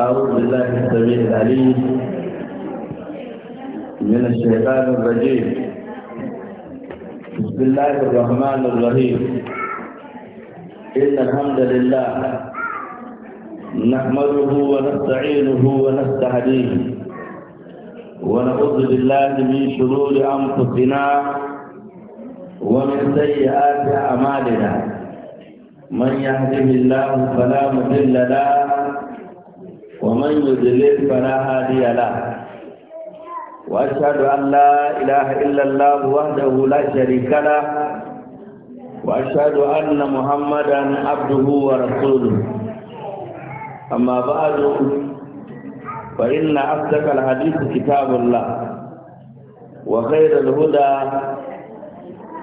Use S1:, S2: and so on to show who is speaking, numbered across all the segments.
S1: أعوذ بالله السميع العليم من الشيطان الرجيم بسم الله الرحمن الرحيم إن الحمد لله نحمده ونستعينه ونستهديه ونعوذ بالله من شرور أنفسنا ومن سيئات أعمالنا من يهده الله فلا مضل له ومن يضلل فلا هادي له وأشهد أن لا إله إلا الله وحده لا شريك له وأشهد أن محمدا عبده ورسوله أما بعد فإن أصدق الحديث كتاب الله وخير الهدى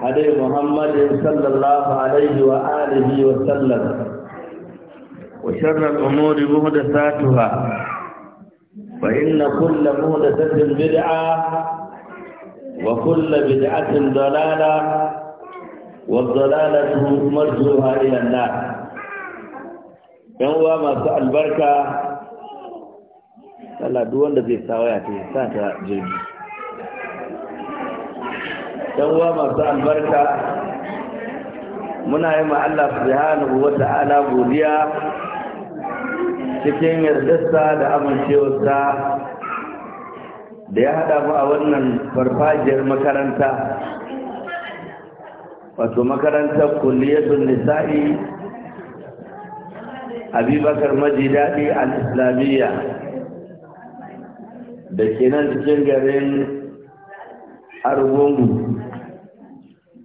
S1: hadai Muhammadu sallallahu alaihi wa alihi wa sallam wa sharral umuri muhdathatuha fa inna kulla muhdathatin bid'a wa kulla bid'atin dalala wa dalalatu marjuha ila nar yawa ma sa albarka sallallahu wanda bai sawaya ta sa ta jirgi
S2: yan uwa masu albarka
S1: muna yi ma Allah subhanahu wa godiya cikin yardarsa da amincewarsa da ya haɗa mu a wannan farfajiyar makaranta wato makarantar kulliyatun nisa'i abubakar majidadi al-islamiyya da ke nan cikin garin argungu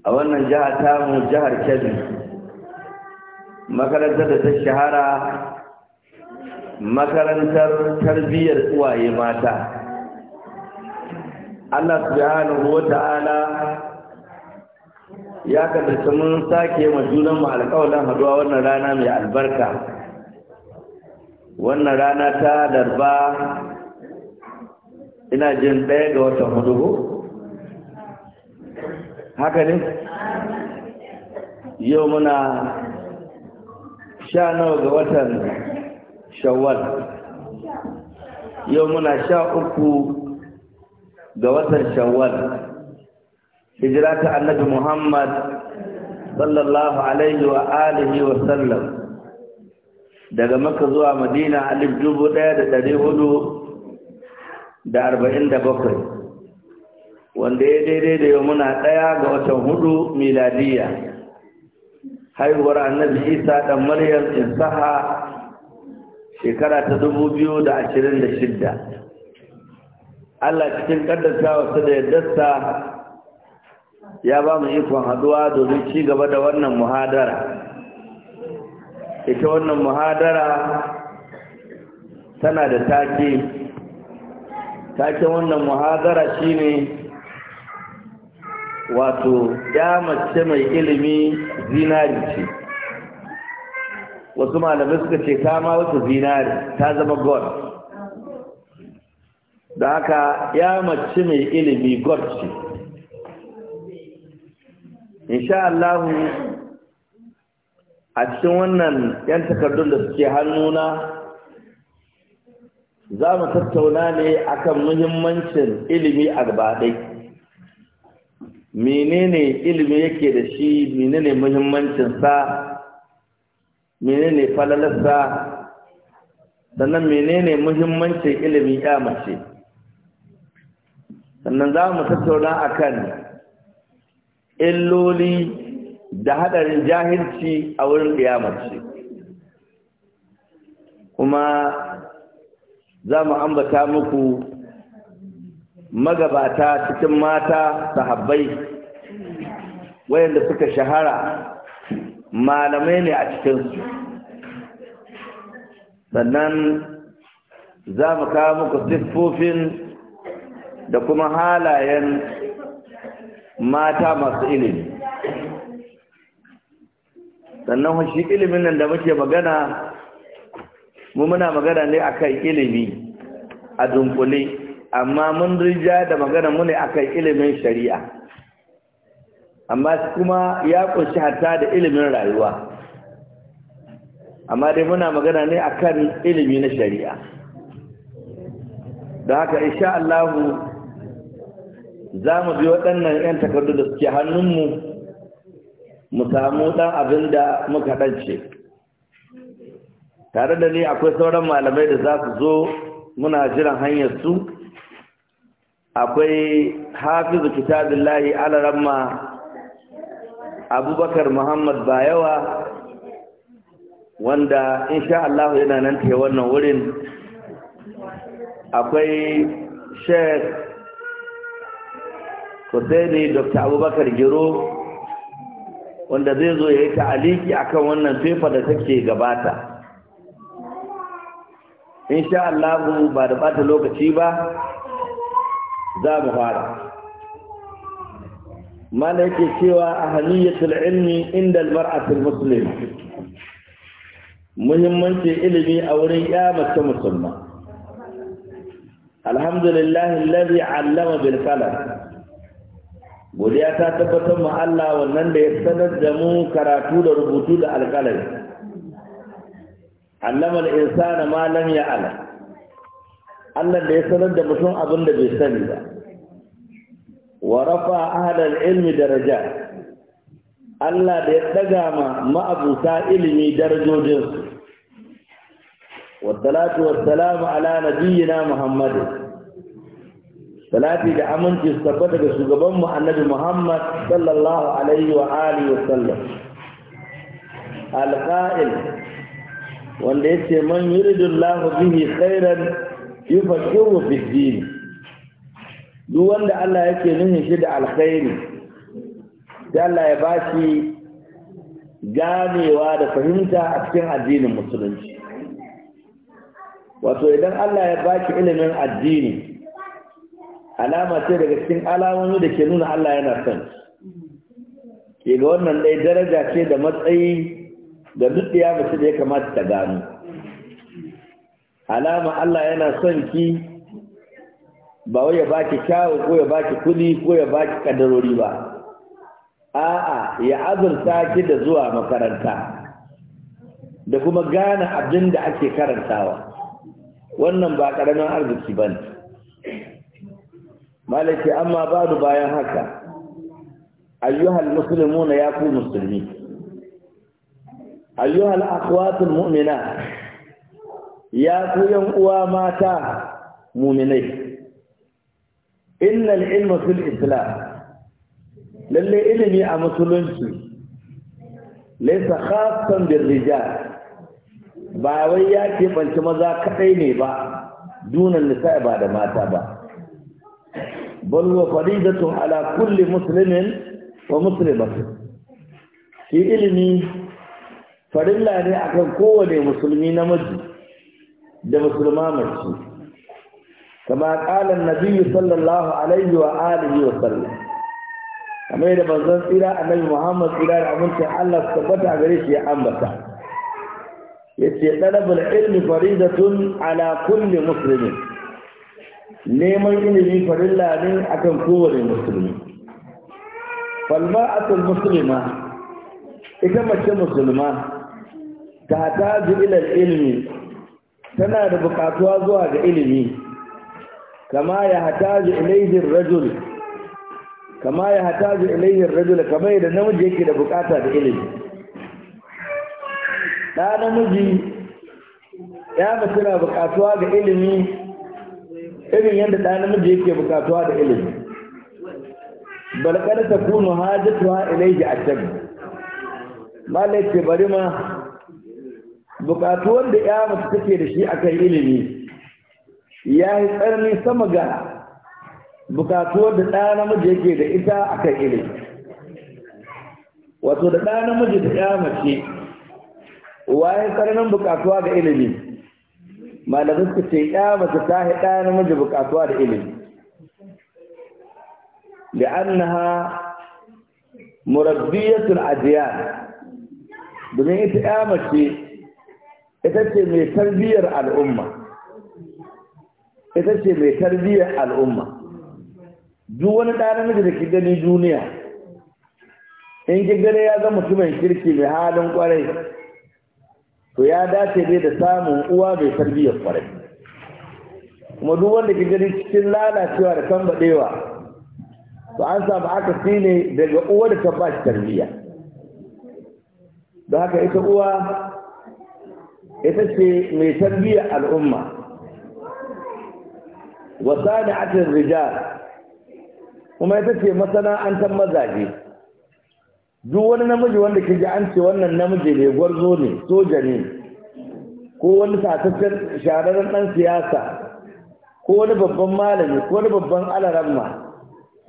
S1: a wannan jiha mu jihar kebbi makarantar da ta shahara makarantar tarbiyyar uwaye mata Allah subhanahu wa ta'ala ya kasance mun sake ma junan mu alƙawarin haduwa wannan rana mai albarka wannan rana ta darba ina jin ɗaya ga watan hudu haka ne yau muna sha nawa ga watan shawwal yau muna sha uku ga watan shawwal hijira ta annabi muhammad sallallahu alaihi wa alihi wa sallam daga maka zuwa madina alif dubu ɗaya da ɗari hudu da arba'in da bakwai wanda ya daidai da yau muna ɗaya ga watan hudu miladiya haihuwar annabi isa ɗan maryam saha shekara ta dubu biyu da ashirin da shidda allah cikin ƙaddasawa su da yardarsa ya ba mu ikon haduwa domin ci gaba da wannan muhadara ita wannan muhadara tana da take taken wannan muhadara shine ne wato ya mace mai ilimi zinari ce wasu malamai suka ce ta ma wata zinari ta zama god da haka ya mace mai ilimi god ce insha Allah a cikin wannan yan takardun da suke hannuna za mu tattauna ne akan muhimmancin ilimi a gabaɗai menene ilimi yake da shi menene muhimmancinsa menene falalarsa sannan menene muhimmancin ilimin ya mace sannan za mu tattauna akan illoli da haɗarin jahilci a wurin mace? kuma za mu ambata muku magabata cikin mata sahabbai wayanda suka shahara malamai ne a cikinsu sannan za mu kawo muku siffofin da kuma halayen mata masu ilimi sannan shi ilimin nan da muke magana mu muna magana ne akan ilimi a dunkule amma mun rija da magana mu ne akan ilimin shari'a amma kuma ya kunshi hatta da ilimin rayuwa amma dai muna magana ne akan ilimi na shari'a da haka insha Allah za mu bi waɗannan 'yan takardu da suke hannunmu mu samu ɗan abin da muka ɗance tare da ni akwai sauran malamai da za su zo muna jiran hanyar su akwai hafizu kitabillahi alaramma abubakar muhammad bayawa wanda insha Allah yana nan ta wannan wurin akwai sheikh Hussaini dr abubakar giro wanda zai zo ya yi ta'aliki akan wannan fefa da take gabata insha Allah ba da bata lokaci ba za mu fara mana yake cewa ahaliyatul ilmi inda almar'atul muslim muhimmancin ilimi a wurin ya mace musulma alhamdulillah alladhi 'allama bil qalam godiya ta tabbatar mu Allah wannan da ya sanar da mu karatu da rubutu da alqalami allama al-insana ma lam ya'lam Allah da ya sanar da mutum abin da bai sani ba wa rafa ahlal ilmi daraja Allah da ya daga ma ma'abuta ilimi darajojin su wa salatu wa salamu ala nabiyyina Muhammad salati da aminci su tabbata ga shugaban mu annabi Muhammad sallallahu alaihi wa alihi wa sallam alqa'il wanda yace man yuridullahu bihi khairan yufaqihu fi din duk wanda Allah yake nuna shi da alkhairi sai Allah ya bashi ganewa da fahimta a cikin addinin musulunci wato idan Allah ya baki ilimin addini alama ce daga cikin alamomi da ke nuna Allah yana son ke ga wannan dai daraja ce da matsayi da duk ya mace da ya kamata ta gano alama Allah yana son ki ba wai ya baki kyawu ko ya baki kudi ko ya baki kadarori ba a'a ya azurta ki da zuwa makaranta da kuma gane abin da ake karantawa wannan ba ƙaramin arziki bane malaki amma ba da bayan haka ayyuhal muslimuna ya ku musulmi ayyuhal Akwatin Mumina. ya ku yan uwa mata muminai innal ilma fil islam lalle ilimi a musulunci laysa khassan bil rijal ba wai ya banci maza kadai ne ba dunan nisa'i ba da mata ba bal wa faridatun ala kulli muslimin wa muslimatin shi ilimi farilla ne akan kowane musulmi namiji da musulma mace kama qala an-nabi sallallahu alaihi wa alihi wa sallam kama da manzon tsira annabi Muhammad tsira da amincin Allah su tabbata gare shi ya ambata yace talabul ilmi faridatun ala kulli muslimin neman ilimi farilla ne akan kowane musulmi falma'atul muslima ita mace musulma ta ta ilal ilmi tana da bukatuwa zuwa ga ilimi kama ya hataju ilaihin rajul kama ya hataju ilaihin rajul kama yadda namiji yake da bukata da ilimi ɗa namiji ya mace na bukatuwa ga ilimi irin yadda ɗa namiji yake bukatuwa da ilimi
S2: balkar ta kunu hajjatuwa ilaihi a can
S1: malai ce bari ma bukatu wanda ya mace take da shi akan ilimi ya yi tsarni sama ga bukatu wanda ɗa namiji yake da ita akan ilimi wato da ɗa namiji da ya mace wa yi tsarnin bukatuwa ga ilimi malamin su ce ya mace ta yi ɗa namiji bukatuwa da ilimi Da لأنها مربية الأديان domin ita ya mace ita ce mai tarbiyyar al'umma ita ce mai tarbiyyar al'umma duk wani ɗanar da ki gani duniya in ki gani ya zama mutumin kirki mai halin kwarai to ya dace ne da samun uwa mai tarbiyyar kwarai kuma duk wanda ki gani cikin lalacewa da baɗewa to an samu aka ne daga uwa da ta ba shi tarbiyya don haka ita uwa ita ce mai tarbiyyar al'umma wasa da atin rijal kuma ita ce masana'antar mazaje duk wani namiji wanda ke ji an ce wannan namiji ne gwarzo ne soja ne ko wani sataccen shahararren ɗan siyasa ko wani babban malami ko wani babban alaramma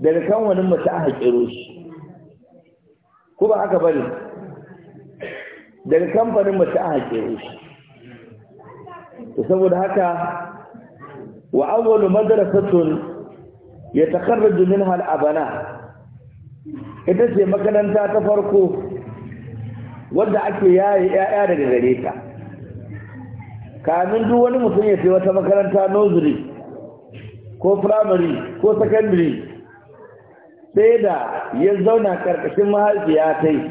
S1: daga kan wani mace a haƙiro shi ko ba haka bane daga kamfanin mace a haƙiro shi saboda haka wa awwalu madrasatun yatakharraju minha al-abana ita ce makaranta ta farko wanda ake yaye yaya daga gare ta kamin duk wani mutum ya ce wata makaranta nursery ko primary ko secondary sai da ya zauna karkashin mahaifiya ta yi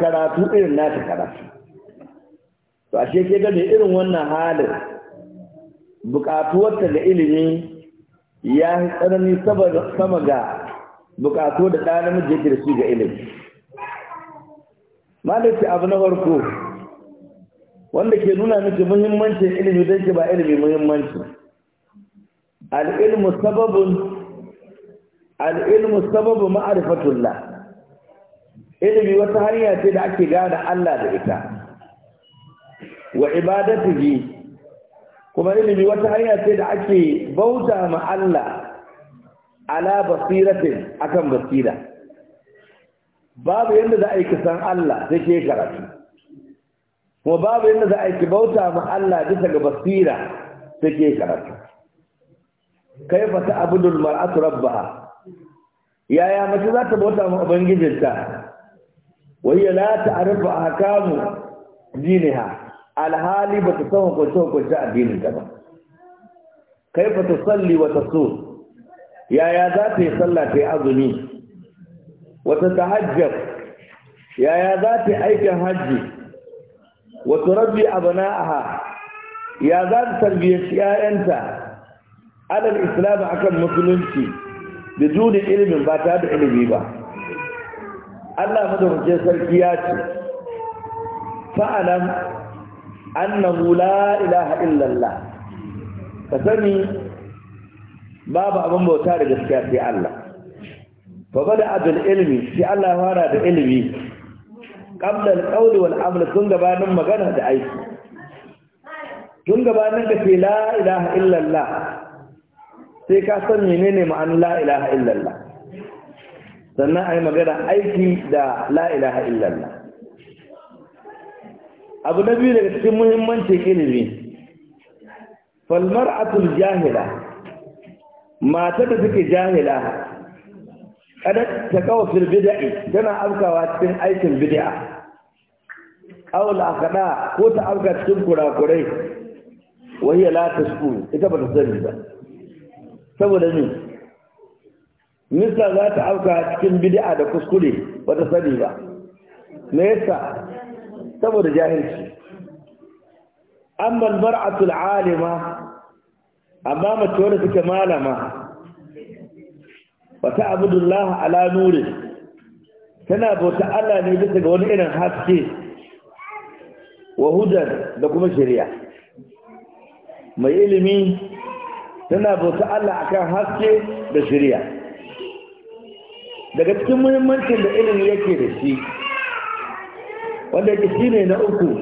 S1: karatu irin nata karatu to ashe ke ga irin wannan halin bukatuwarta ga ilimi ya yi tsanani sama ga bukatu da ɗan namiji da su ga ilimi malaki abu na farko wanda ke nuna miki muhimmancin ilimi don ke ba ilimi muhimmanci al'ilmu sababin al'ilmu sababu ma'arifatullah ilimi wata hanya ce da ake gane Allah da ita wa ibadatihi kuma ilimi wata hanya ce da ake bauta ma Allah ala basiratin akan basira babu yadda za a yi kisan Allah sai ke karatu kuma babu yadda za a yi bauta ma Allah bisa ga basira sai ke karatu kai fa ta abudul mar'atu rabbaha yaya mace za ta bauta ma ubangijinta wayya la ta'rifu ahkamu diniha alhali ba ta san hukunce-hukunce addinin ta ba kai ba ta salli wata so yaya za ta yi sallah ta yi azumi wata ta hajjar yaya za ta yi aikin hajji wata rabbi abana'aha ya za ta tarbiyyaci 'ya'yanta alal islam akan musulunci da junin ilimin ba ta da ilimi ba Allah madaukakin sarki ya ce fa'alam annahu la ilaha illallah ka sani babu abin bauta da gaskiya sai Allah fa bada abul ilmi sai Allah ya fara da ilmi qabla al-qawl wal amal kun gabanin magana da aiki kun gabanin ka ce la ilaha illallah sai ka san menene ma'an la ilaha illallah sannan ai magana aiki da la ilaha illallah abu na biyu daga cikin muhimmancin ilimi Falmar atul jahila mata da suke jahila kada ta kawo fil tana afkawa cikin aikin bid'a aw la kada ko ta afka cikin kurakurai wahiya la tashku ita ba ta sani ba saboda ni nisa za ta afka cikin bid'a da kuskure ba ta sani ba me yasa saboda jahilci amma almar'atul alima amma mace wadda take malama wa abdullahi ala nuri tana bauta Allah ne bisa ga wani irin haske wa hudar da kuma shari'a mai ilimi tana bauta Allah akan haske da shari'a daga cikin muhimmancin da ilimi yake da shi wanda yake shine na uku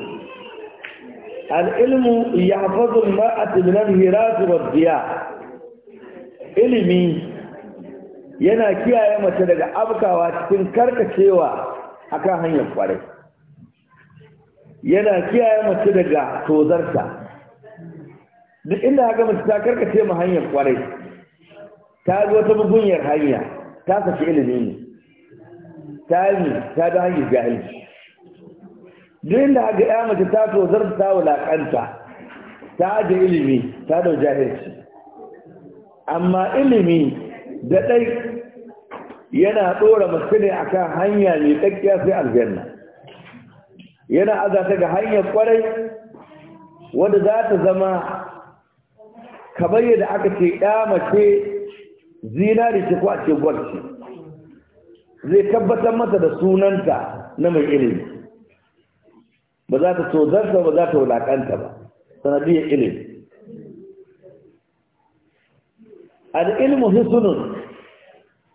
S1: al'ilmu ya hafazun ma'ati minan hiratu wa biya ilimi yana kiyaye mace daga abkawa cikin karkacewa akan hanyar kwarai yana kiyaye mace daga tozarta duk inda haka mace ta karkace mu hanyar kwarai ta zo ta bugunyar hanya ta saki ilimi ne ta yi ta da hanyar jahilci duk da ga ya mace ta tozar ta wulaƙanta ta aje ilimi ta da jahilci amma ilimi da ɗai yana ɗora masu ne akan hanya mai tsakiya sai aljanna yana azata ga hanyar kwarai wadda za ta zama kamar yadda aka ce ya mace zinari ce ko a ce gwal zai tabbatar mata da sunanta na mai ilimi ba za ta tozarta ba za ta wulaƙanta ba sanadiyar ilimi ilmu hisunin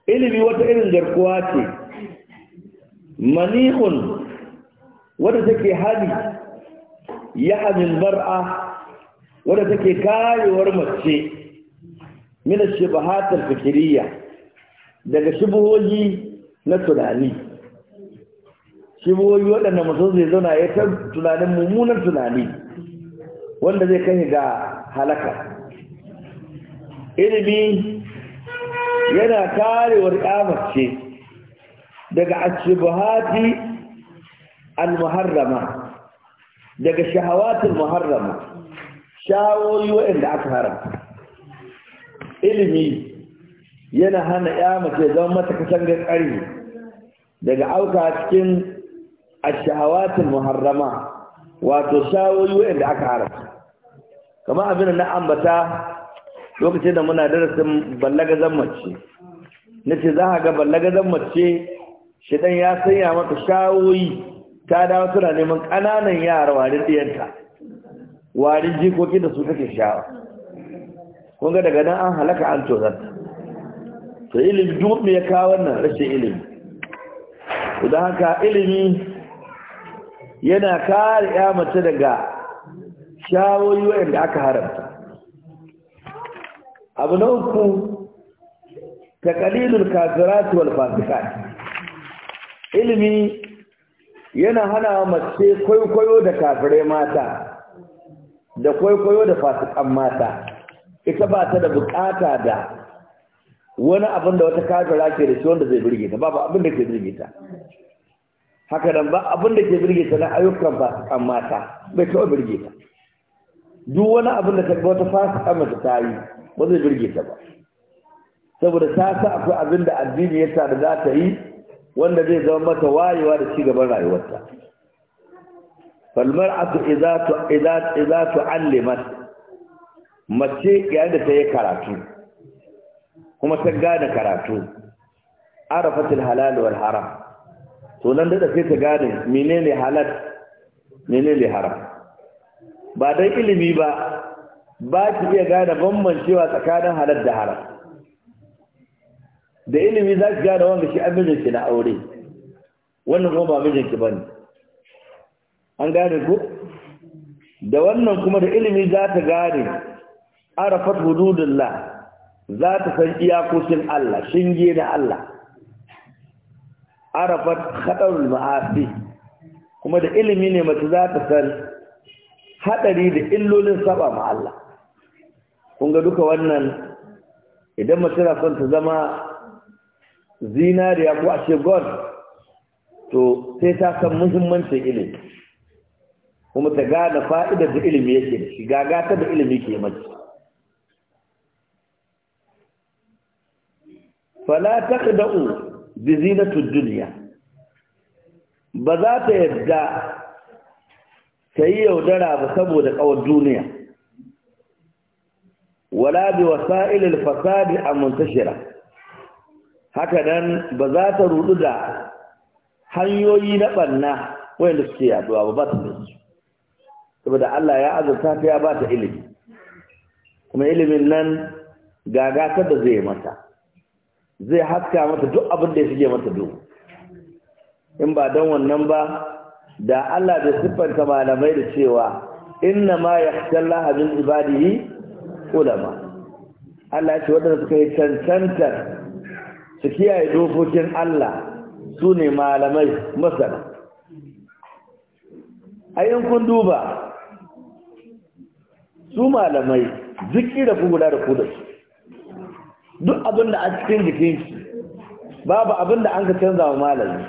S1: ilimi wata irin garkuwa ce manihun wadda take hali ya amin bar'a wadda take kayewar mace mina shibahatar fikiriya daga shibuhohi na tunani shi waɗanda mutum zai zauna ya ta tunanin mummunan tunani wanda zai kai ga halaka ilimi yana karewar ƙamace daga ashibuhati al-muharrama daga shahawatul muharrama shawoyi waɗanda aka haramta ilimi yana hana ya mace zama mata katangar gaskari daga auka cikin الشهوات muharrama wato shawoyi wanda aka haramta kamar abin na ambata lokacin da muna darasin ballagazan mace nace za a ga ballaga zammace mace dan ya sanya maka shawoyi ta dawo suna neman ƙananan yara warin diyanta warin jikoki da su take shawa kun ga daga nan an halaka an tozar to ilimi duk ya kawo wannan rashin ilimi idan haka ilimi yana kare ya mace daga shawoyi da aka haramta abu na uku taqalilul kafirati wal fasikat ilimi yana hana mace kwaikwayo da kafirai mata da kwaikwayo da fasikan mata ita ba ta da bukata da wani abin da wata kafira ke da shi wanda zai birgita, ta babu abin da ke birgita. haka nan ba abin da ke birge ta na ayyukan fasikan mata bai taɓa birge ta duk wani abin da ta ga wata fasikan mace ta yi ba zai birge ta ba saboda ta sa akwai abin da addini ya sa da za ta yi wanda zai zama mata wayewa da ci gaban rayuwarta falmar atu idza allimat mace yayin da ta yi karatu kuma ta gane karatu arafatul halal wal haram to nan da sai ka gane menene halal menene haram ba dai ilimi ba ba ki iya gane bambancewa tsakanin halal da haram da ilimi za ki gane wanda shi amijin ki na aure wannan kuma ba mijin ki bane an gane ku da wannan kuma da ilimi za ta gane arafat hududullah za ta san iyakokin Allah shinge da Allah arafat khatarul ma'asi kuma da ilimi ne mace za ta san hadari da illolin saba ma Allah kun ga duka wannan idan mace na son ta zama zinariya ko ashe god to sai ta san muhimmancin ilimi kuma ta gane fa'idar da ilimi yake da shi gagata da ilimi ke mace fala taqda'u bizinatud duniya ba za ta yadda ta yi yaudara ba saboda kawar duniya wala bi wasa'ilil fasadi a muntashira haka nan ba za ta rudu da hanyoyi na banna wanda suke yaduwa ba ba ta da su saboda Allah ya azurta ta ya ba ta ilimi kuma ilimin nan gagatar da zai mata zai haska mata duk abin da ya shige mata duk in ba don wannan ba da Allah da siffanta malamai da cewa inna ma yakhshallaha min ibadihi ulama Allah ya ce waɗanda suka yi cancantar su kiyaye dokokin Allah su ne malamai masana A kun duba su malamai zikira ku guda da ku da su duk abin da a cikin jikin shi babu abin da an ka canza wa malami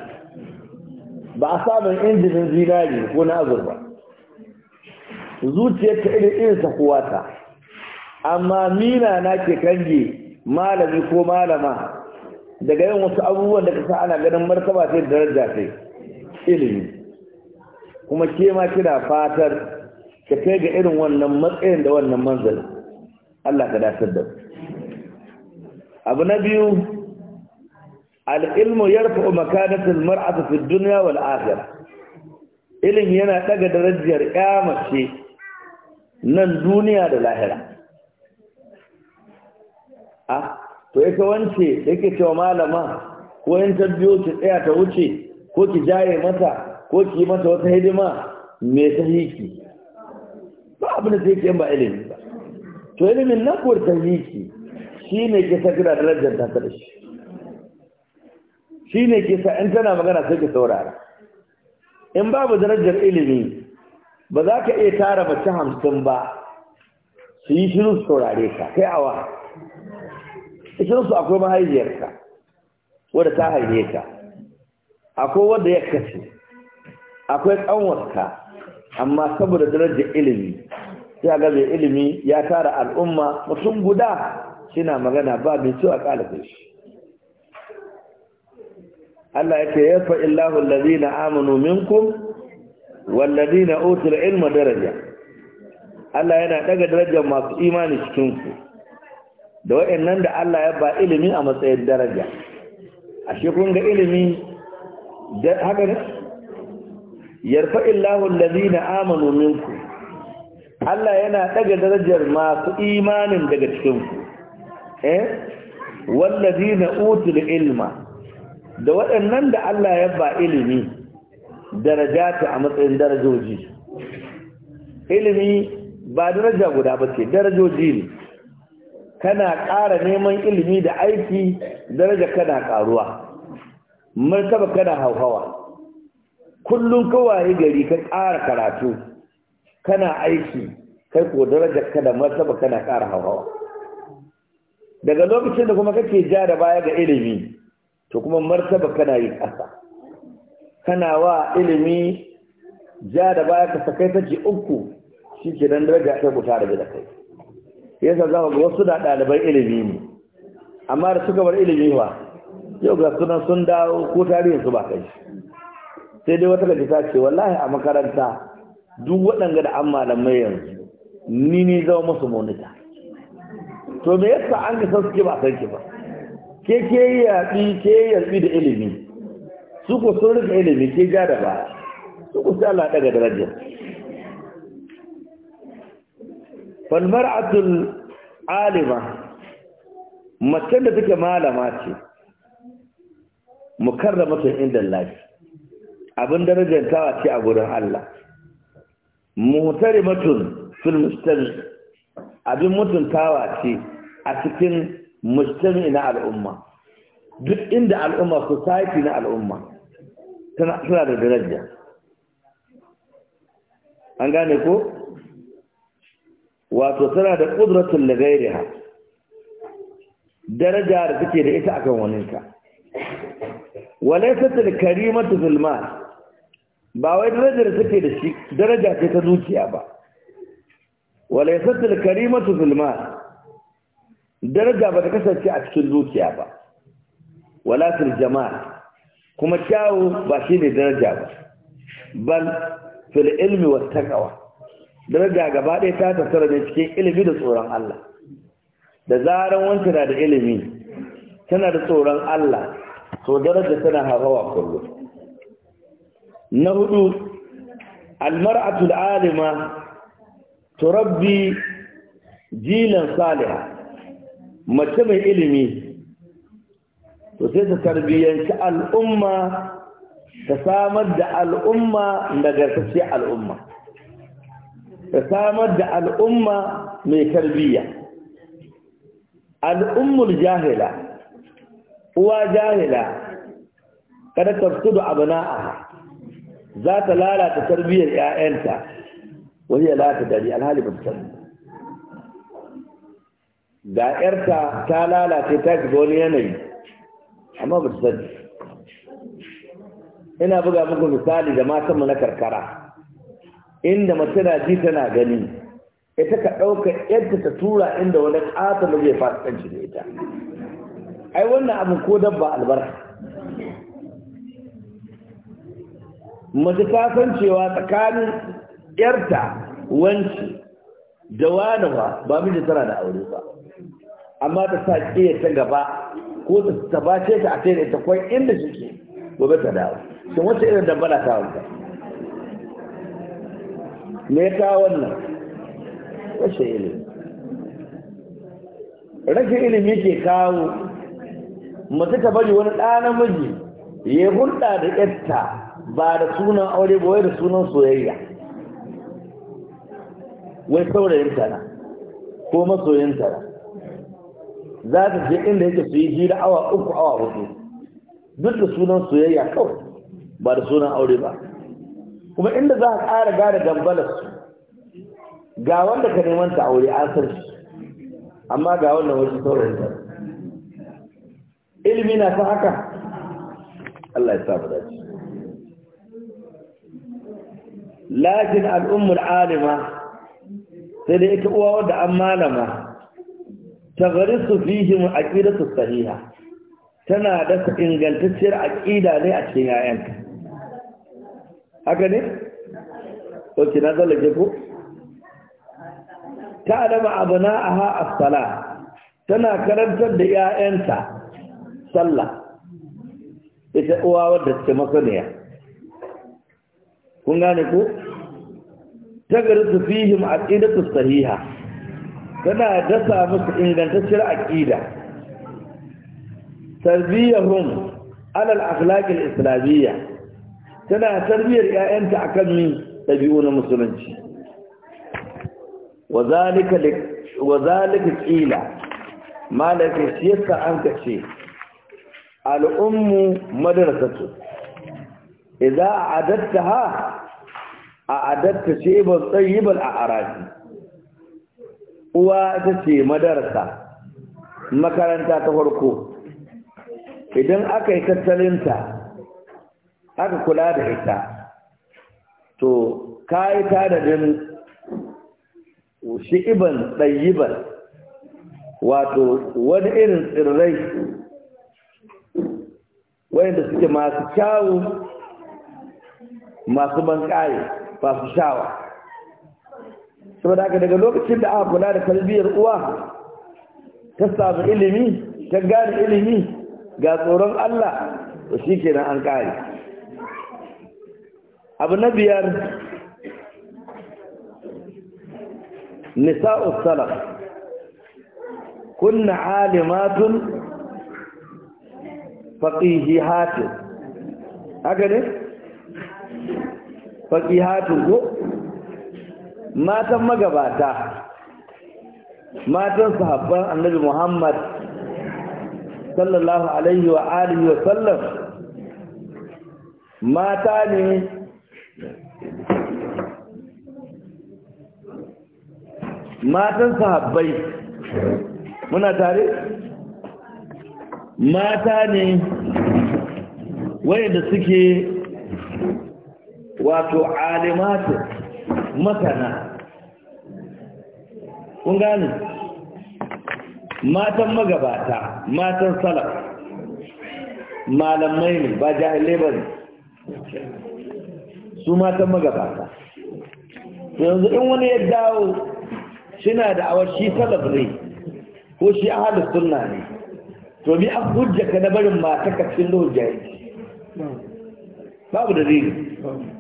S1: ba a samun injinin zinari ko na ba. zuciyar ta iri irin kowa ta amma mina na ke kange malami ko malama daga yin wasu abubuwan da ka sa ana ganin martaba sai da daraja sai ilimi kuma ke ma kina fatar ka kai ga irin wannan matsayin da wannan manzali Allah ka dasar da ku abu na biyu al'ilmu yarfa makanatul mar'ata fi duniya wal akhirah ilimi yana ɗaga darajar ya nan duniya da lahira ah to yake wance yake cewa malama ko in ta ki tsaya ta wuce ko ki jaye mata ko ki yi mata wata hidima me ta hiki ba abin da take yin ba ilimi ba to ilimin na ko ta hiki shi ne kisa sa kira darajar ta tare shi shi ne kisa in tana magana sai ka saurara in babu darajar ilimi ba za ka iya tara mace hamsin ba su yi shirin saurare ka kai awa shirin su akwai mahaifiyarka wadda ta haife ka akwai wadda ya kace akwai kanwarka amma saboda darajar ilimi sai ga mai ilimi ya tara al'umma mutum guda Suna magana ba mai a kalafin shi Allah ya ce yafa illahu allazina amanu minkum wallazina utul ilma daraja Allah yana daga darajar masu imani cikin ku da wayannan da Allah ya ba ilimi a matsayin daraja ashe kun ga ilimi da haka ne yarfa illahu allazina amanu minkum Allah yana daga darajar masu imanin daga cikin ku eh na utul ilma da waɗannan da Allah ya ba ilimi daraja darajata a matsayin darajoji ilimi ba daraja guda ba ce darajoji ne kana ƙara neman ilimi da aiki daraja kana ƙaruwa martaba kana hauhawa kullum kawai gari ka ƙara karatu kana aiki kai ko daraja kana martaba kana ƙara hauhawa daga lokacin da kuma kake ja da baya ga ilimi to kuma martaba kana yi ƙasa kana wa ilimi ja da baya ka sakai ce uku shi ke nan daraja ta ku da da kai yasa za ga wasu da ɗalibai ilimi ne amma da suka bar ilimi ba yau ga suna sun dawo ko tarihin su ba kai sai dai wata gaji ta ce wallahi a makaranta duk waɗanda da an malamai yanzu ni ne zama masu monita to me yasa an ga san suke ba san ki ba ke ke yaɗi ke yaɗi da ilimi su ko sun rika ilimi ke ja da ba su ko sai Allah daga daraja fal mar'atul alima mace da take malama ce mukarramatun inda Allah abin darajantawa ce a gurin Allah muhtarimatun fil mustaqbal abin mutuntawa ce a cikin mutane na al'umma duk inda al'umma society na al'umma tana da daraja an gane ko wato tana da ƙudratun lagairiha daraja da take da ita akan waninka walaisatul karimatu zulma ba wai darajar take da shi daraja ce ta zuciya ba wala yasatul karimatu fil mal daraja ba ta kasance a cikin zuciya ba wala fil kuma kyawu ba shi ne daraja ba bal fil ilmi wat taqwa daraja gaba ɗaya ta tattara ne cikin ilimi da tsoron Allah da zaran wancan da ilimi tana da tsoron Allah to daraja tana hawa kullum na hudu almar'atul alima turabbi jilan saliha mace mai ilimi to sai ta tarbiyyanci al'umma ta samar da al'umma nagartacciyar al'umma ta samar da al'umma mai tarbiyya al'ummul jahila uwa jahila kada tafsudu abna'aha za ta lalata tarbiyyar 'ya'yanta wani ya lalata dari alhali ba ta ga yarta ta lalace ta shiga wani yanayi amma ba ta sani ina buga muku misali da matan mu na karkara inda mace na ji tana gani ita ka ɗauka yadda ta tura inda wani ƙasa da zai fasikanci da ita ai wannan abin ko dabba albarka mace ta san cewa tsakanin yarta wanci da wanawa ba miji tana da aure ba amma ta sa ƙiyar ta gaba ko ta tabace ta a tare ta kwan inda suke gobe ta dawo shin wacce irin da bala ta wanda me ya kawo wannan rashin ilimi rashin ilimi ke kawo mace ta bari wani ɗa namiji ya hulɗa da ƴarta ba da sunan aure ba wai da sunan soyayya wai saurayin tana ko masoyin tana za ta je inda yake su yi hira awa uku awa hudu duk da sunan soyayya kawai ba da sunan aure ba kuma inda za ka ƙara gada gambalar su ga wanda ka neman ta aure an san shi amma ga wanda wasu saurayin ta ilimi na ta haka Allah ya samu dace lakin al'ummul alima sai da ita uwa wadda an malama ta gari su a ƙira su sahiha tana da ingantacciyar aƙida ne a cikin yayan haka ne ok na zalake ko ta adama a as-sala tana karantar da yayanta sallah ita uwa wadda take masaniya kun gane ku? tagarisu fihim aqidatu sahiha tana dasa musu ingantacciyar aƙida tarbiyahum ala al-akhlaq islamiyya tana tarbiyar ƴaƴanta akan min dabi'u na musulunci wazalika wazalika qila malaka shiyasa an kace al-ummu madrasatu idza adattaha a adatta ce ba tsayibar a araji. uwa ta ce madarasa makaranta ta farko idan aka yi tattalinta aka kula da ita to ka yi tadadin shi'iban tsayibar wato wani irin tsirrai wayanda suke masu kyawu masu ban ƙare ba su shawa saboda haka daga lokacin da aka kula da kalbiyar uwa ta samu ilimi ta gane ilimi ga tsoron Allah to shi an kare abu na biyar nisa'us salaf kunna alimatun faqihihatun haka ne faqihatun ko matan magabata matan sahabban annabi Muhammad sallallahu alaihi wa alihi wa sallam mata ne matan sahabbai muna tare mata ne da suke wato alimatu matana kun gani matan magabata matan salaf malamai ne ba jahilai ba ne su matan magabata yanzu in wani ya dawo suna da awar shi salaf ne ko shi ahalus suna ne to bi an hujja ka na barin mata kacin da hujja babu da zai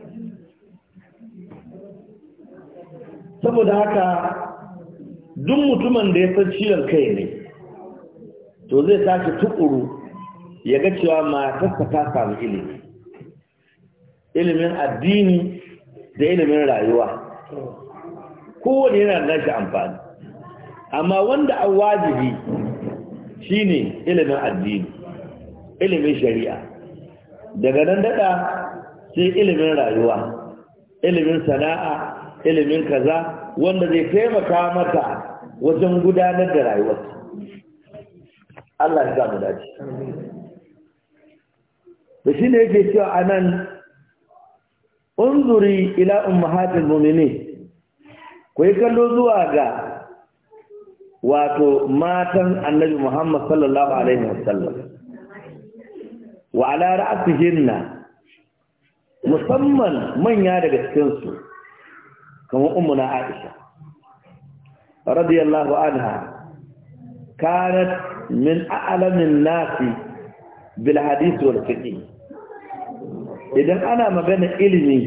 S1: saboda haka duk mutumin da ya san ciwon kai ne to zai tashi tukuru ya ga cewa matarsa ta samu ilimi ilimin addini da ilimin rayuwa kowane yana da nashi amfani amma wanda an wajibi shine ilimin addini ilimin shari'a daga nan daɗa sai ilimin rayuwa ilimin sana'a ilimin kaza wanda zai taimaka mata wajen gudanar da rayuwar. Allah ya mu dace da shi ne yake cewa anan unzuri ila ummahatil mu'minin ku yi kallo zuwa ga wato matan annabi Muhammad sallallahu alaihi wasallam wa ala ra'sihinna musamman manya daga cikin su kamar umuna Aisha radiyallahu anha kanat min a'lamin nasi bil hadith wal fiqh idan ana magana ilimi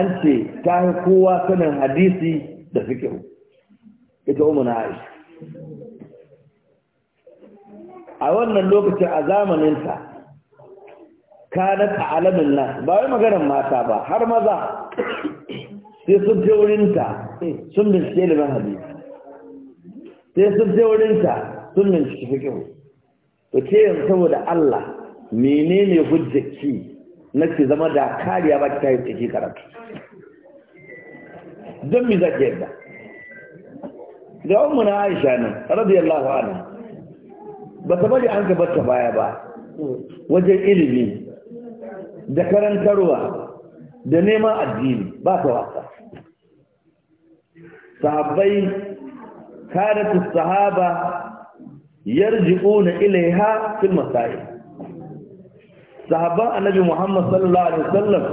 S1: an ce ta kowa sanin hadisi da fiqh ita umuna Aisha a wannan lokacin a zamaninta kanat a'lamin nasi ba wai maganar mata ba har maza sai sun fi wurinta sun bincike ilimin hadisi sai sun fi wurinta sun bincike fikihu to ke yanzu saboda Allah menene hujjaki na ki zama da kariya ba ki tayi tsaki karatu don mi zaki yadda ga ummu na Aisha ne radiyallahu anha ba ta bari an ka ta baya ba wajen ilimi
S2: da karantarwa
S1: da neman addini ba ta wasa sahabbai kanatu sahaba yarji'una ilaiha fil masail sahabban annabi Muhammad sallallahu alaihi wasallam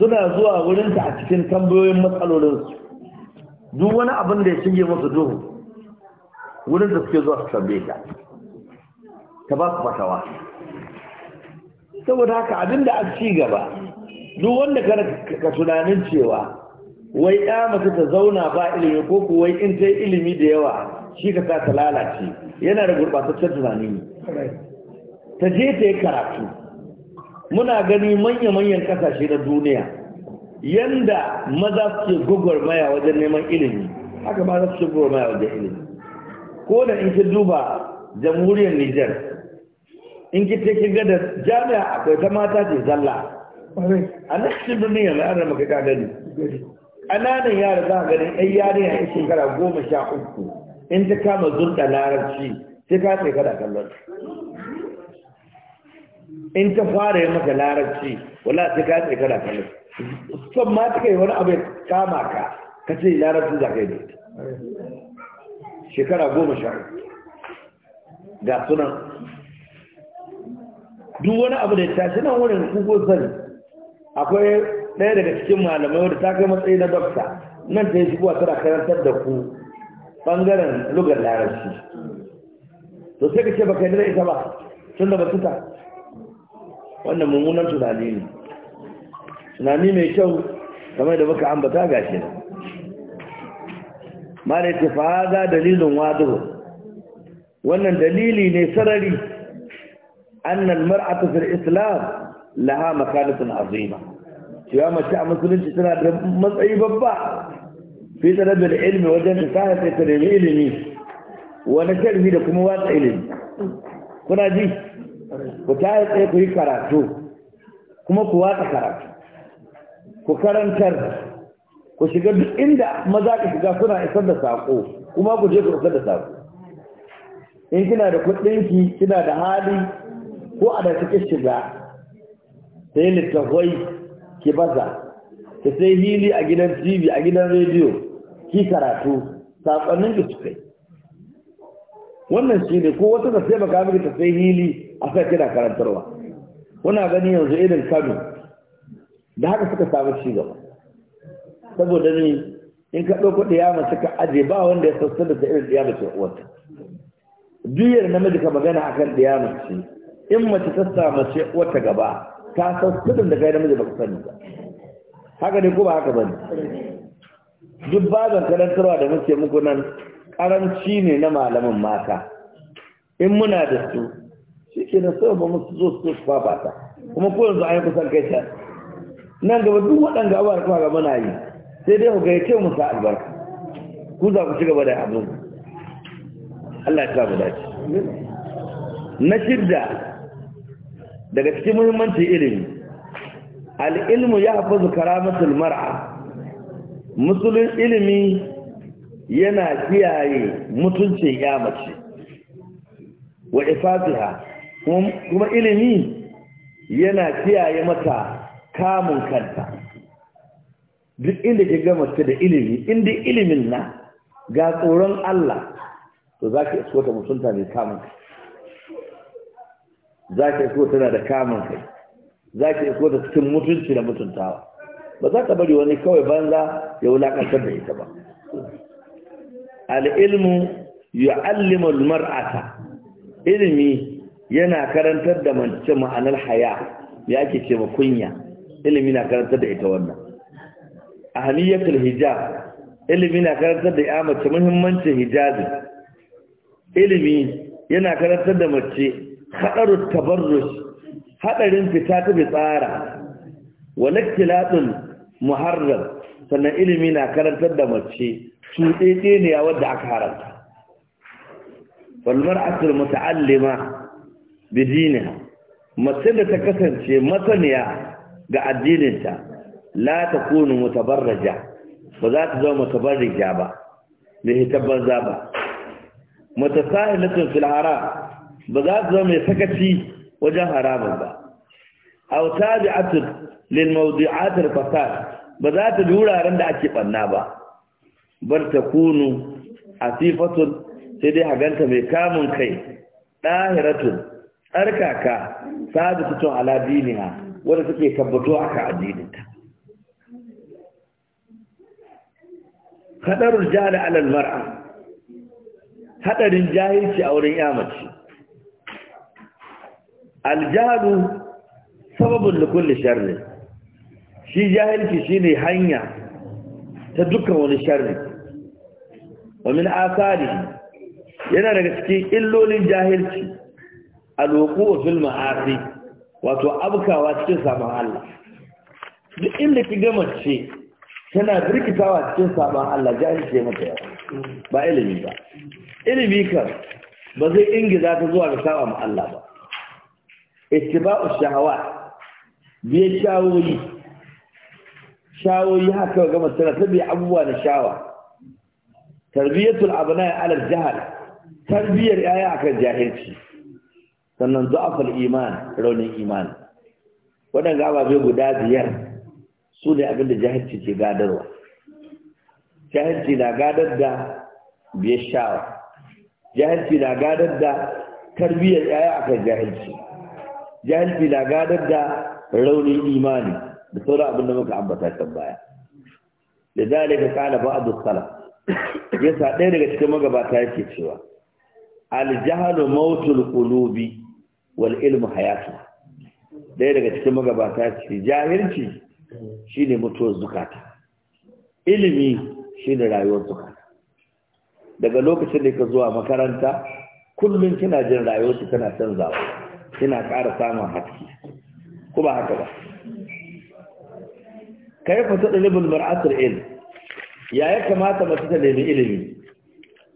S1: suna zuwa wurin a cikin tambayoyin matsalolin su duk wani abin da ya shige masa duhu wurin suke zuwa su tambaye ta ta ba su fatawa saboda haka abin da aka ci gaba duk wanda ka tunanin cewa wai ya mace ta zauna ba ilimi ko wai in ta ilimi da yawa shi ka sa ta lalace yana da gurɓataccen tunani ne ta je ta yi karatu muna gani manya-manyan ƙasashe na duniya yanda maza suke gwagwarmaya wajen neman ilimi haka ba za su gwagwarmaya wajen ilimi ko da in ki duba jamhuriyar niger in ki ta ga da jami'a akwai ta mata ce zalla a na cikin birnin yanzu an rama ka gani ƙananan yara za a ganin ɗan yarinya ya shekara goma sha uku in ta kama zurɗa larabci sai ka ce kada kallon in ta fara yi maka larabci wala sai ka ce kada kallon son ma ta kai wani abu ya kama ka ka ce larabci za ka yi shekara goma sha uku ga sunan duk wani abu da ya tashi nan wurin kuko sani akwai ɗaya daga cikin malamai wadda ta kai matsayi na dokta nan ta yi shigowa tana karantar da ku ɓangaren lugar larabci to sai ka ce baka yi da ita ba tun da batuta wannan mummunan tunani ne tunani mai kyau game da muka ambata gashi na mara ce za dalilin wadu wannan dalili ne sarari annan mar'atu fil islam laha makanatun azima cewa mace a musulunci tana da matsayi babba fi talabal ilmi wajen ta sa ta tarbi ilimi wani sharhi da kuma watsa ilimi kuna ji ku yi tsaye ku yi karatu kuma ku watsa karatu ku karantar ku shiga duk inda maza ka shiga suna isar da sako kuma ku je ku isar da sako in kina da kuɗinki kina da hali ko a da kike shiga sai littafai ki baza ki sai hili a gidan tv a gidan rediyo ki karatu sakonnin ki su kai wannan shi ne ko wata ta sai baka miki ta sai hili a sai kina karantarwa kuna gani yanzu irin kano da haka suka samu ci gaba saboda ni, in ka ɗauko ɗaya mace ka aje ba wanda ya sassa da irin ɗaya mace uwarta duk yadda namiji ka magana akan ɗaya ce in mace ta mace uwarta gaba ka san tudun da kai namiji baka sani ba haka ne ko ba haka bane duk bazan karantarwa da muke muku nan karanci ne na malamin mata in muna da su shi ke na sau ba musu zo su su fafata kuma ko yanzu an yi kusan kai ta nan gaba duk waɗanda abuwa kuma ga muna yi sai dai ku ga yake mu sa albarka ku za ku ci gaba da abin Allah ya sa mu dace na shidda daga cikin muhimmancin ilimi al'ilmu ya hafazu karamatul mar'a musulun ilimi yana kiyaye mutuncin ya mace wa ifatiha kuma ilimi yana kiyaye mata kamun kanta duk inda ke gama da ilimi inda ilimin na ga tsoron Allah to za ka iskota mutunta mai kamun kanta za ka isko tana da kamun kai za ka isko ta cikin mutunci da mutuntawa ba za ka bari wani kawai banza ya wulakantar da ita ba al'ilmu allima mar'ata ilimi yana karantar da mace ma'anar haya ya ake ce ma kunya ilimi na karantar da ita wannan A ahamiyatul hijab ilimi na karantar da ya mace muhimmancin hijabi ilimi yana karantar da mace haɗarun tabarrush haɗarin fita ta bi tsara walaktilatun muharram sannan ilimi na karantar da mace su cuɗeɗe ne a wadda aka haranta walmar asir muta'allima bidiniha mace da ta kasance masaniya ga addininta la ta kunu mutabarraja ba za ta zama mutabarrija ba da hitabban zaba mutasahilatun fil haram ba za su zama mai sakaci wajen haramun ba aw tabi'atun lil mawdi'at al fasad ba za ta bi wuraren da ake banna ba bar a sifatun sai dai haganta mai kamun kai ɗahiratun tsarkaka sadu fito ala diniha wanda suke a aka addininta hadarul jahil ala mar'a hadarin jahilci a wurin yamaci aljahalu sababin da kulle sharri shi jahilci ne hanya ta dukkan wani sharri wa min asali yana daga cikin illolin jahilci wa filma ma'asi wato abukawa cikin saban Allah duk inda ki gama ce tana birkitawa cikin saban Allah jahilci mata yawa ba ilimi ba ilimi kan ba zai ingiza ta zuwa ga saba Allah ba ittiba'u shahawa biye shawoyi shawoyi haka ga masana ta abuwa abubuwa da shawa tarbiyatul abna'i ala jahal tarbiyar yaya akan jahilci sannan du'aful iman raunin iman ga ababe guda biyar su ne abin da jahilci ke gadarwa jahilci na gadar da biye shawa jahilci na gadar da tarbiyyar yaya akan jahilci jahilci na gadar da raunin imani da sauran abin da muka ambata can baya da zalika kala a as Ya yasa ɗaya daga cikin magabata yake cewa aljahalu mautul kulubi wal ilmu hayatu ɗaya daga cikin magabata ce jahilci shi ne mutuwar zukata ilimi shine rayuwar zukata daga lokacin da ka zuwa makaranta kullum kina jin rayuwarsu tana canzawa ina ƙara samun haske ko ba haka ba kai fa ta dalibul mar'atul ilm ya ya kamata mace ta nemi ilimi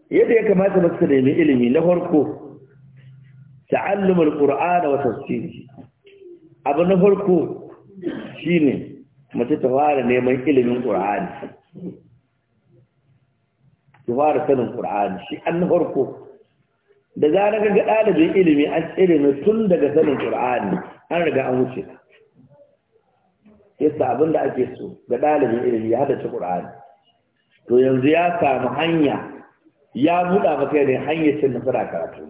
S1: yadda ya kamata mace ta nemi ilimi na farko ta'allumul qur'ana wa tafsiri abu na farko shine mace ta fara neman ilimin qur'ani ta fara sanin qur'ani shi an na farko da zarar ga ɗalibin ilimi an ilimi tun daga sanin qur'ani an riga an wuce yasa abin da ake so ga ɗalibin ilimi ya hada ci qur'ani to yanzu ya samu hanya ya buɗa maka ne hanyar cin nasara karatu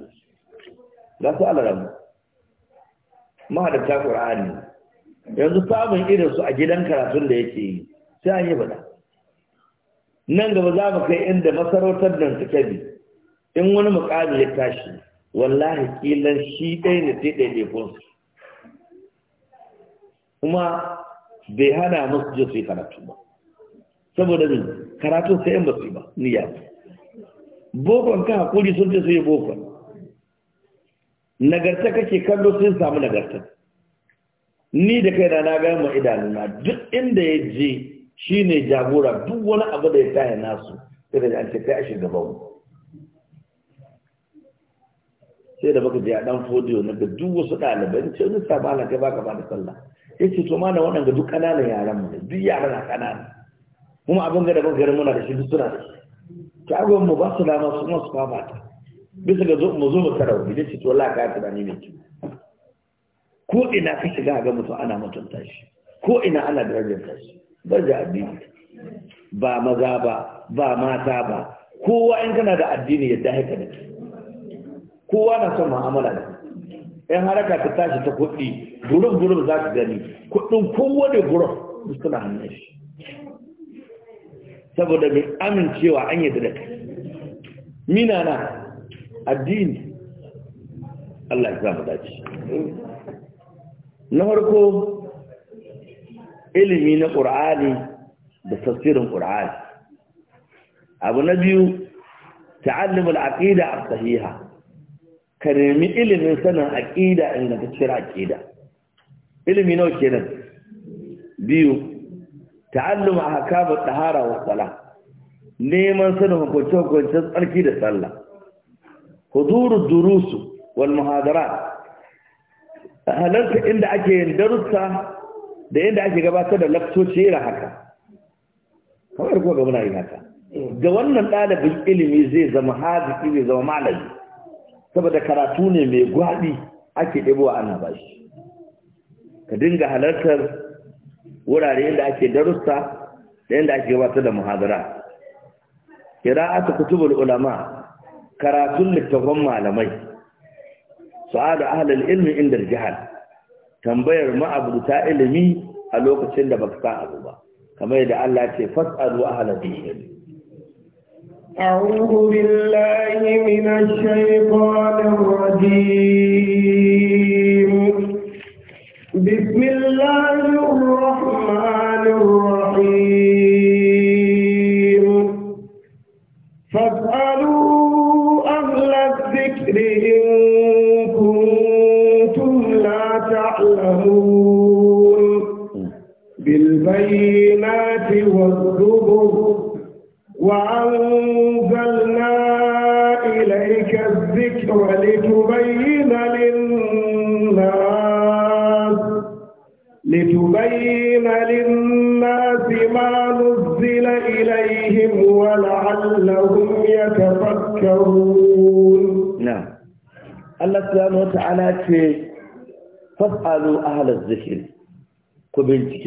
S1: ga su alaramu mahadabta ƙur'ani yanzu samun su a gidan karatun da yake yi sai an yi bada nan gaba za mu kai inda masarautar nan take bi in wani mukami ya tashi wallahi kilan shi ɗaya ne sai ɗaya laifinsu kuma bai hana musu jiya su yi karatu ba saboda ne karatu sai yan basu ba niyya bokon ka hakuri sun je su yi bokon nagarta kake kallo sun samu nagarta ni da kai na gaya ma idanuna duk inda ya je shi ne jagora duk wani abu da ya taya nasu sai da an ce kai a shugaban mu sai da baka je a dan fodiyo na ga duk wasu ɗalibai ce wani sa malam kai baka ba da sallah ya ce to malam waɗanda duk ƙananan yaran mu duk yaran na ƙanana kuma abin ga da baka garin muna da shi duk suna da shi to agon mu ba su dama su ma su fama ta bisa ga mu zo mu tarau Ya ce to laka ka tunani ne ki ko ina ka shiga ga mutum ana mutunta shi ko ina ana darajar shi da addini ba maza ba ba mata ba kowa in kana da addini yadda haka ne kowa na son mu'amala da yan haraka ta tashi ta kuɗi gurin gurin za ka gani kuɗin kowa kowane gurin suna hannun shi saboda mai amincewa an yi da kai mina na addini Allah ya mu dace na farko ilimi na ƙur'ani da tafsirin ƙur'ani abu na biyu ta'allimul aqida as-sahiha ka nemi ilimin sanin aƙida ingantacciyar aƙida ilimi nawa kenan biyu ta'allum ahkamu tsahara wa tsala neman sanin hukunce-hukuncen tsarki da sallah duru durusu wal muhadarat halarta inda ake yin darussa da inda ake gabatar da laktoci irin haka kamar ko gabana muna yin haka ga wannan ɗalibin ilimi zai zama haziki zai zama malami saboda karatu ne mai gwaɗi ake ɗabowa ana bashi ka dinga halartar wurare yadda ake darussa da yadda ake gabatar da muhadara qira'atu kutubul ulama karatun littafan malamai da ahlul ilmin inda jihar, tambayar ma'abuta ilimi a lokacin da baka sa abu ba kamar yadda Allah ya ce fas'alu ahlul ilmi
S3: أعوذ بالله من الشيطان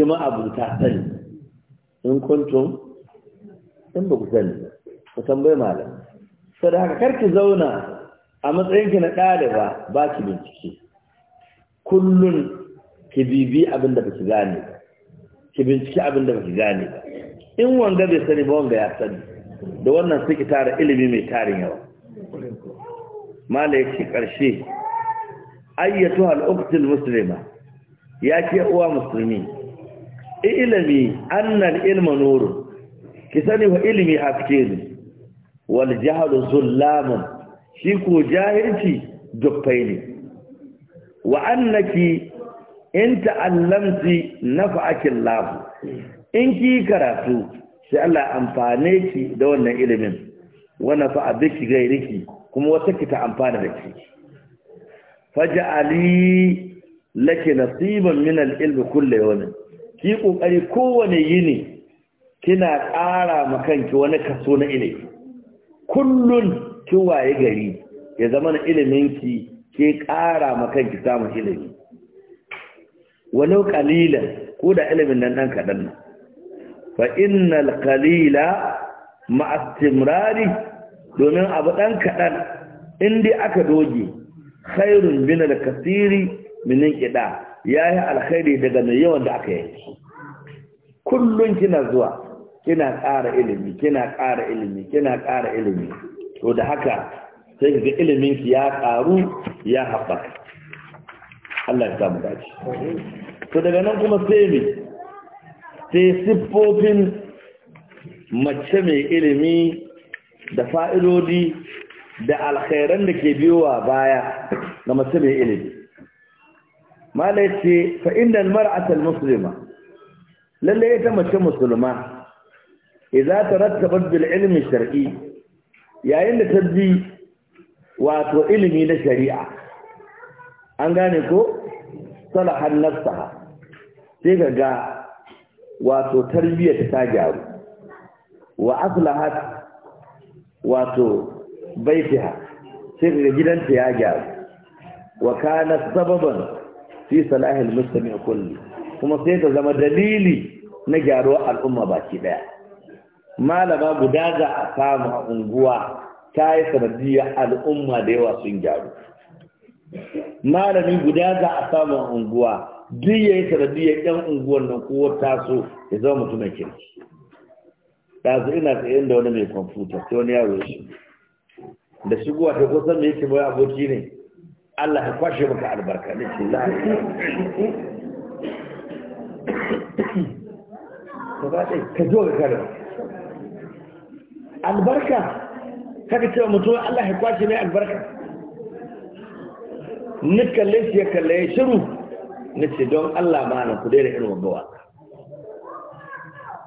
S1: taimaki ma'abuta sani in kuntum in ba ku sani ku tambayi malam sau haka karki zauna a matsayinki na ɗaliba ba ki bincike Kullun ki bibi abin da ba ki gane ba ki binciki abin da ba ki gane ba in wanga bai sani ba wanga ya sani da wannan suke tara ilimi mai tarin yawa mala ya ce ƙarshe ayyatu al'uktul muslima ya ke uwa musulmi ilimi annal ilma nurun ki sani wa ilimi haske ne wal jahlu zullamun shi ko jahilci dukkai ne wa annaki in ta'allamti nafa'aki Allah in ki karatu sai Allah amfane ki da wannan ilimin wa nafa'a biki gairiki kuma wata ki ta amfana da ki faj'ali laki nasiban min al-ilmi kulli yawmin ki ƙoƙari kowane yini kina ƙara ma kanki wani kaso na ilimi kullun ki waye gari ya zama na iliminki ke ƙara ma kanki samun ilimi walau qalilan ko da ilimin nan dan kadan nan fa innal qalila ma domin abu ɗan kaɗan in dai aka doge khairun bin al kasiri min ya yi alkhairi daga mai yawan da aka yi kullum kina zuwa kina ƙara ilimi kina ƙara ilimi kina ƙara ilimi to da haka sai ga ki ya ƙaru ya haɓaka Allah ya samu dace to daga nan kuma sai mi sai siffofin mace mai ilimi da fa'idodi da alkhairan da ke biyowa baya ga mace mai ilimi mala ce fa innal mar'atal muslima lalle ita mace musulma idza tarattabat bil ilmi shar'i yayin da tabbi wato ilimi na shari'a an gane ko salahan nafsaha sai kaga wato tarbiyyar ta gyaru wa aslahat wato baitiha sai ga gidanta ya gyaru wa kana sababan fi salahil muslimi kulli kuma sai ta zama dalili na gyaruwar al'umma baki daya malama guda za a samu a unguwa ta yi sanadiyar al'umma da yawa sun gyaru malami guda za a samu a unguwa duk ya yi sanadiyar yan unguwan nan kowa taso ya zama mutumin kirki ɗazu ina tsaye da wani mai kwamfuta sai wani yaro shi da shigowa ta kusan mai yake bai aboki ne Allah ya kwashe maka albarka na ce la'ayi ka zo ga kare albarka kaka cewa mutum Allah ya kwashe mai albarka ni kalle shi ya kalle ya shiru na ce don Allah ma na ku daina irin wagawa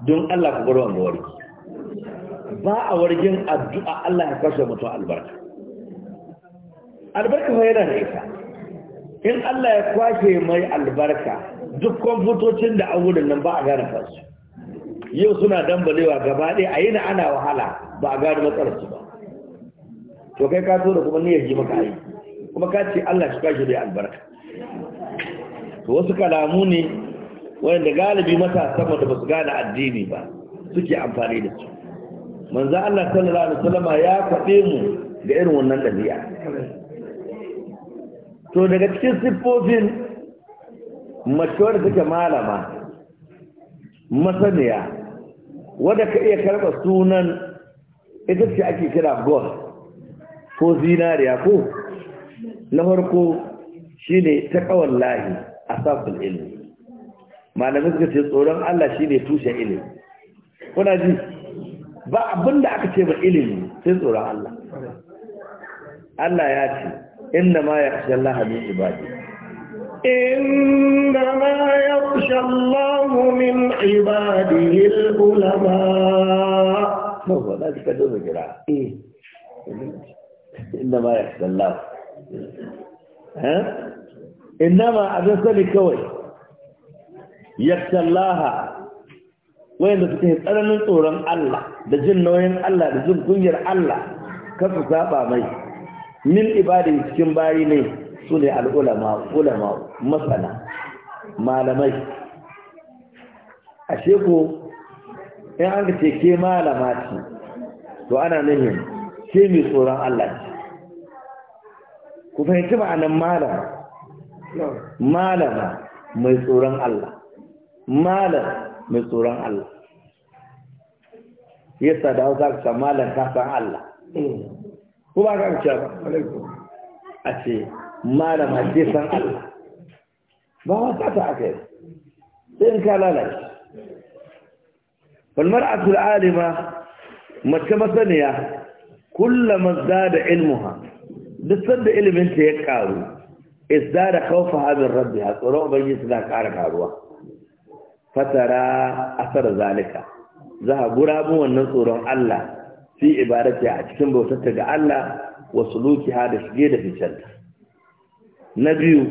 S1: don Allah ku gwada wagawa ba a wargin addu'a Allah ya kwashe mutum albarka albarka fa yana da ita in Allah ya kwashe mai albarka duk kwamfutocin da an wurin nan ba a gane fasu yau suna dambalewa gaba ɗaya a na ana wahala ba a gane matsalarsu ba to kai ka so da kuma niyyar ji maka yi kuma ka ce Allah shi kwashe da albarka to wasu kalamu ne wanda galibi sama da ba su gane addini ba suke amfani da su manzo Allah sallallahu alaihi wasallama ya faɗe mu ga irin wannan ɗabi'a to daga cikin siffofin mace wadda take malama masaniya wadda ka iya karɓa sunan ita ce ake kira gold ko zinariya ko na farko shi ne ta kawan lahi a safin ilmi malamin suka ce tsoron Allah shi ne tushen ilimi kuna ji ba abinda aka ce ba ilimi sai tsoron Allah Allah ya ce Inda ma yakhsha Allah min ibadi
S3: Inda ma yakhsha Allah min ibadihi al
S1: Ma ba wala ka dole kira eh inna ma yakhsha Allah eh? Inda ma abin sani kawai yakhsha Allah wayanda suke tsananin tsoron Allah da jin nauyin Allah da jin kungiyar Allah kasu saba mai min ibadin cikin bari ne su ne al'ulama ulama masana malamai ashe ko in an ce ke malama ce to ana nufin ke mai tsoron Allah ce ku fahimci ma'anin malama malama mai tsoron Allah malam mai tsoron Allah yasa da hausa ka malam kasan san Allah mm. ko ba ka wuce ba a ce malama ce san Allah ba ta ta aka yi sai in ka lalace falmar atul alima mace masaniya kullama zada ilmuha duk sanda iliminta ya karu da khawfa habin rabbi ha tsoron ubangiji na ƙara karuwa fatara asar zalika za a gurabin wannan tsoron Allah fi ibadati a cikin bautarta ga Allah wa ha da shige da ficenta na biyu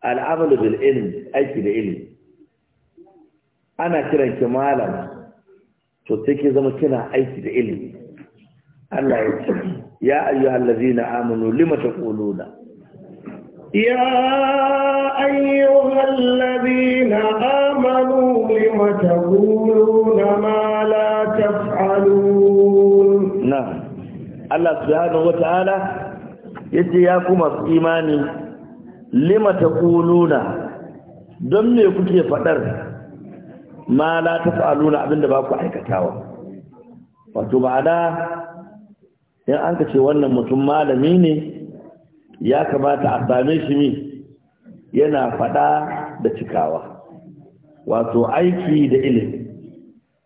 S1: al'amalu bil ilm aiki da ilmi ana kiran ki malam to sai ki zama kina aiki da ilmi Allah ya ce ya ayyuhallazina amanu lima ƙuluna.
S3: يا أيها الذين آمنوا لم تقولون ما لا تفعلون
S1: نعم الله سبحانه وتعالى يتياكم إيماني لم تقولون don me kuke faɗar ma la taf'aluna abin da baku aikatawa wato ma'ana in an ka wannan mutum malami ne ya kamata a same shi ne yana faɗa da cikawa wato aiki da ilimi